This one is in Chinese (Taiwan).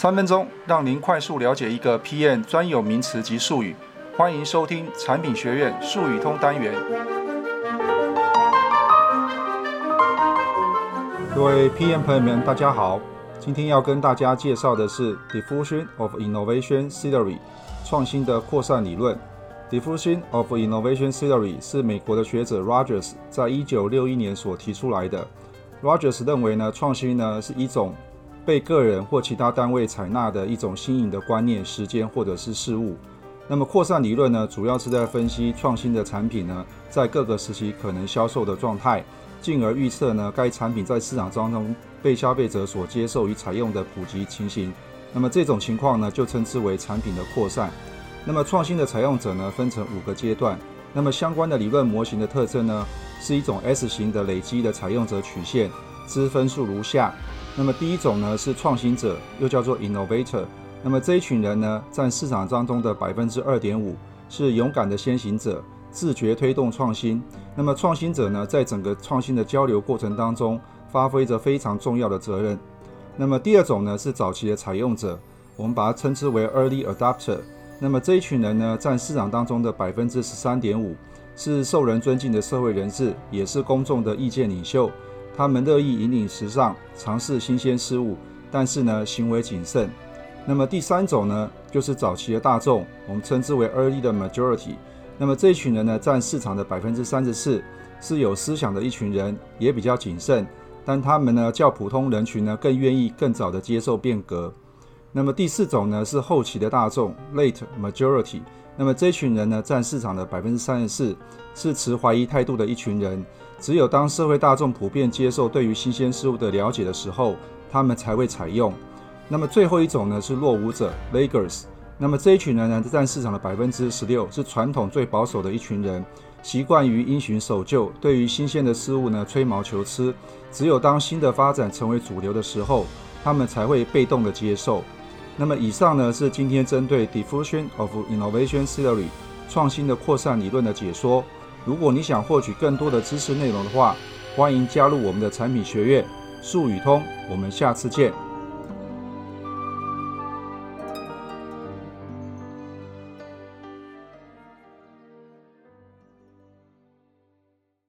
三分鐘讓您快速了解一個 PM 專有名詞及術語，歡迎收聽產品學院術語通單元。各位 PM 朋友們，大家好，今天要跟大家介紹的是 Diffusion of Innovation Theory 創新的擴散理論。Diffusion of Innovation Theory 是美國的學者 Rogers 在一九六一年所提出來的。Rogers 認為呢，創新呢是一種被個人或其他單位採納的一種新穎的觀念、時間或者是事物。那麼擴散理論呢，主要是在分析創新的產品呢，在各個時期可能銷售的狀態，進而預測呢該產品在市場當中被消費者所接受與採用的普及情形。那麼這種情況呢，就稱之為產品的擴散。那麼創新的採用者呢，分成五個階段。那麼相關的理論模型的特徵呢，是一種 S 型的累積的採用者曲線。之分數如下。那麼第一種呢是創新者，又叫做 innovator。那麼這一群人呢占市場當中的百分之二點五，是勇敢的先行者，自覺推動創新。那麼創新者呢在整個創新的交流過程當中，發揮着非常重要的責任。那麼第二種呢是早期的採用者，我們把它稱之為 early adopter。那麼這一群人呢占市場當中的百分之十三點五，是受人尊敬的社會人士，也是公眾的意見領袖。他們樂意引領時尚，嘗試新鮮事物，但是呢，行為謹慎。那麼第三種呢，就是早期的大眾，我們稱之為 Early 的 Majority。那麼這一群人呢，佔市場的百分之三十四，是有思想的一群人，也比較謹慎，但他們呢，較普通人群呢，更願意更早地接受變革。那麼第四種呢，是後期的大眾 Late Majority。那麼這群人呢，占市場的百分之三十四，是持懷疑態度的一群人。只有當社會大眾普遍接受對於新鮮事物的了解的時候，他們才會採用。那麼最後一種呢，是落伍者 （Laggards）。那麼這一群人呢，占市場的百分之十六，是傳統最保守的一群人，習慣於因循守舊，對於新鮮的事物呢，吹毛求疵。只有當新的發展成為主流的時候，他們才會被動的接受。那麼以上呢，是今天針對 Diffusion of Innovation Theory 創新的擴散理論的解說。如果你想獲取更多的知識內容的話，歡迎加入我們的產品學院，術語通。我們下次見。